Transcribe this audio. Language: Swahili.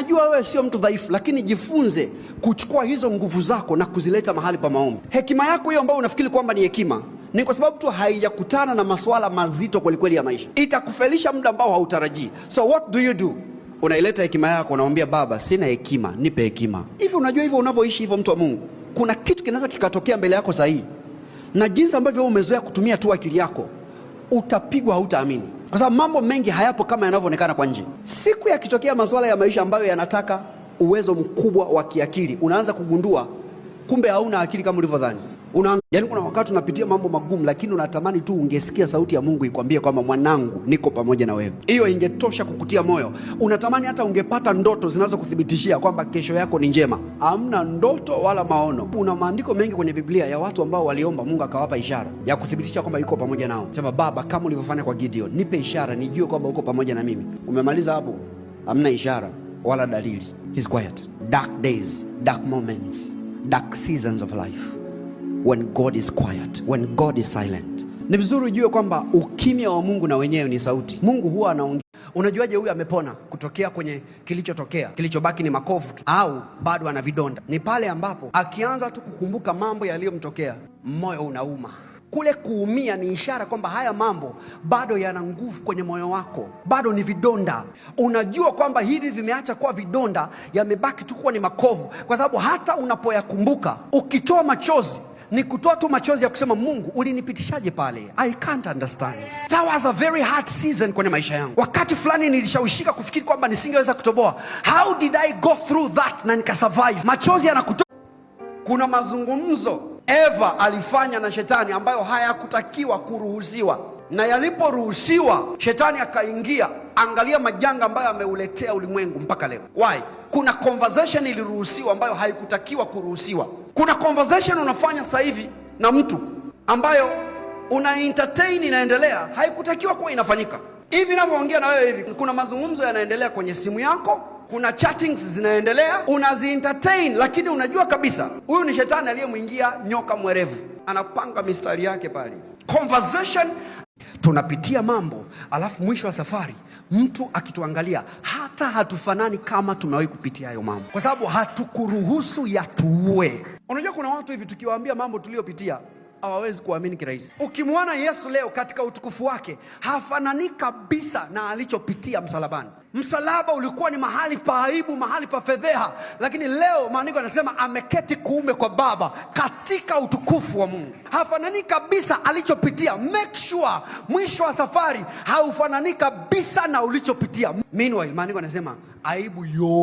najua wewe sio mtu dhaifu, lakini jifunze kuchukua hizo nguvu zako na kuzileta mahali pa maombi. Hekima yako hiyo ambayo unafikiri kwamba ni hekima ni kwa sababu tu haijakutana na masuala mazito kwelikweli ya maisha, itakufelisha muda ambao hautarajii. So what do you do? Unaileta hekima yako, unamwambia Baba, sina hekima, nipe hekima. Hivi unajua hivyo unavyoishi hivyo, mtu wa Mungu, kuna kitu kinaweza kikatokea mbele yako sahihi, na jinsi ambavyo umezoea kutumia tu akili yako, utapigwa, hautaamini kwa sababu mambo mengi hayapo kama yanavyoonekana kwa nje. Siku yakitokea masuala ya maisha ambayo yanataka uwezo mkubwa wa kiakili, unaanza kugundua kumbe hauna akili kama ulivyodhani. Una, yani kuna wakati unapitia mambo magumu, lakini unatamani tu ungesikia sauti ya Mungu ikwambie kwamba mwanangu, niko pamoja na wewe. Hiyo ingetosha kukutia moyo. Unatamani hata ungepata ndoto zinazokuthibitishia kwamba kesho yako ni njema. Hamna ndoto wala maono. Una maandiko mengi kwenye Biblia ya watu ambao waliomba Mungu akawapa ishara ya kuthibitisha kwamba yuko pamoja nao. Sema Baba, kama ulivyofanya kwa Gideon, nipe ishara nijue kwamba uko pamoja na mimi. Umemaliza hapo, hamna ishara wala dalili. He's quiet. Dark days, dark moments, dark seasons of life when God is quiet, when God is silent. Ni vizuri ujue kwamba ukimya wa Mungu na wenyewe ni sauti. Mungu huwa anaongea. Unajuaje huyu amepona kutokea kwenye kilichotokea? Kilichobaki ni makovu tu, au bado ana vidonda? Ni pale ambapo akianza tu kukumbuka mambo yaliyomtokea, moyo unauma. Kule kuumia ni ishara kwamba haya mambo bado yana nguvu kwenye moyo wako, bado ni vidonda. Unajua kwamba hivi vimeacha kuwa vidonda, yamebaki tu kuwa ni makovu, kwa sababu hata unapoyakumbuka ukitoa machozi ni kutoa tu machozi ya kusema Mungu ulinipitishaje pale? I can't understand. That was a very hard season kwenye maisha yangu. Wakati fulani nilishawishika kufikiri kwamba nisingeweza kutoboa. How did I go through that na nikasurvive? Machozi yanakutoka. Kuna mazungumzo Eva alifanya na shetani ambayo hayakutakiwa kuruhusiwa, na yaliporuhusiwa shetani akaingia. Angalia majanga ambayo ameuletea ulimwengu mpaka leo. Why? Kuna conversation iliruhusiwa ambayo haikutakiwa kuruhusiwa. Kuna conversation unafanya sasa hivi na mtu ambayo una entertain inaendelea, haikutakiwa kuwa inafanyika hivi. Ninavyoongea na wewe hivi, kuna mazungumzo yanaendelea kwenye simu yako, kuna chattings zinaendelea, unazi entertain, lakini unajua kabisa huyu ni shetani aliyemwingia nyoka mwerevu, anapanga mistari yake pale conversation. Tunapitia mambo alafu mwisho wa safari mtu akituangalia hata hatufanani kama tumewahi kupitia hayo mambo, kwa sababu hatukuruhusu yatuue. Unajua kuna watu hivi tukiwaambia mambo tuliyopitia hawawezi kuamini kirahisi. Ukimwona Yesu leo katika utukufu wake hafanani kabisa na alichopitia msalabani. Msalaba ulikuwa ni mahali pa aibu, mahali pa fedheha, lakini leo maandiko yanasema ameketi kuume kwa Baba katika utukufu wa Mungu. Hafanani kabisa alichopitia. Make sure mwisho wa safari haufanani kabisa na ulichopitia. Meanwhile maandiko yanasema aibu yo